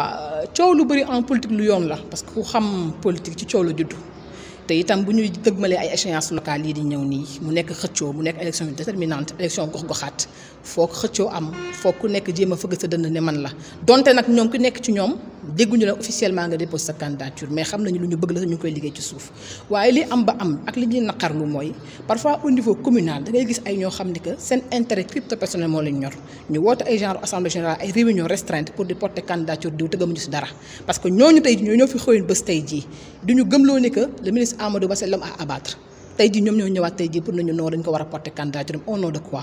waaw euh, coow lu bëri en politique lu yoon la parce que ku xam politique ci coow la juddu te itam bu ñuy dëgmale ay échéances locales yi di ñëw nii mu nekk xëccoo mu nekk élection déterminante élection gox-goxaat foo ko xëccoo am foo ku nekk jéema a fëgg sa dënd ne man la donte nag ñoom ki nekk ci ñoom. dégguñu la officiellement nga déposé sa candidature mais xam nañu lu bëgg la ñu koy liggéey ci suuf waaye li am ba am ak li ñuy naqarlu mooy parfois au niveau communal da ngay gis ay ñoo xam ni que seen intérêt crypto personnel moo lañ ñor ñu woote ay genre assemblée générale ay réunion restreinte pour di porter candidature diw te gëmuñu si dara parce que ñooñu tey ñoo ñoo fi xëyoon bés tey jii duñu ñu gëmloo ni que le ministre Amadou Ba c'est l'homme à abattre tey jii ñoom ñoo ñëwaat tey jii pour nañu noo dañ ko war a porter candidature au nom de quoi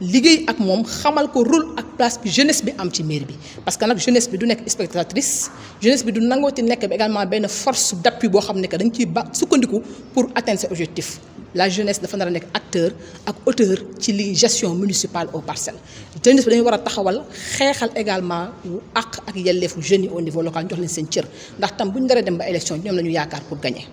liggéey ak mom xamal ko rôle ak place bi jeunesse bi am ci mairie bi parce que nak jeunesse bi du nek spectatrice jeunesse bi du nangoti nek également ben force d'appui bo boo xam ne que dañ ciy sukkandiku pour atteindre ses objectifs la jeunesse dafa nar nek acteur ak auteur ci li gestion municipale au parcelle. jeunesse bi dañu war taxawal xéxal également wu àq ak yelleefu jeunes au niveau local jox leen sen cër ndax tam bu dara dem ba élection ñom lañu yaakar pour gagner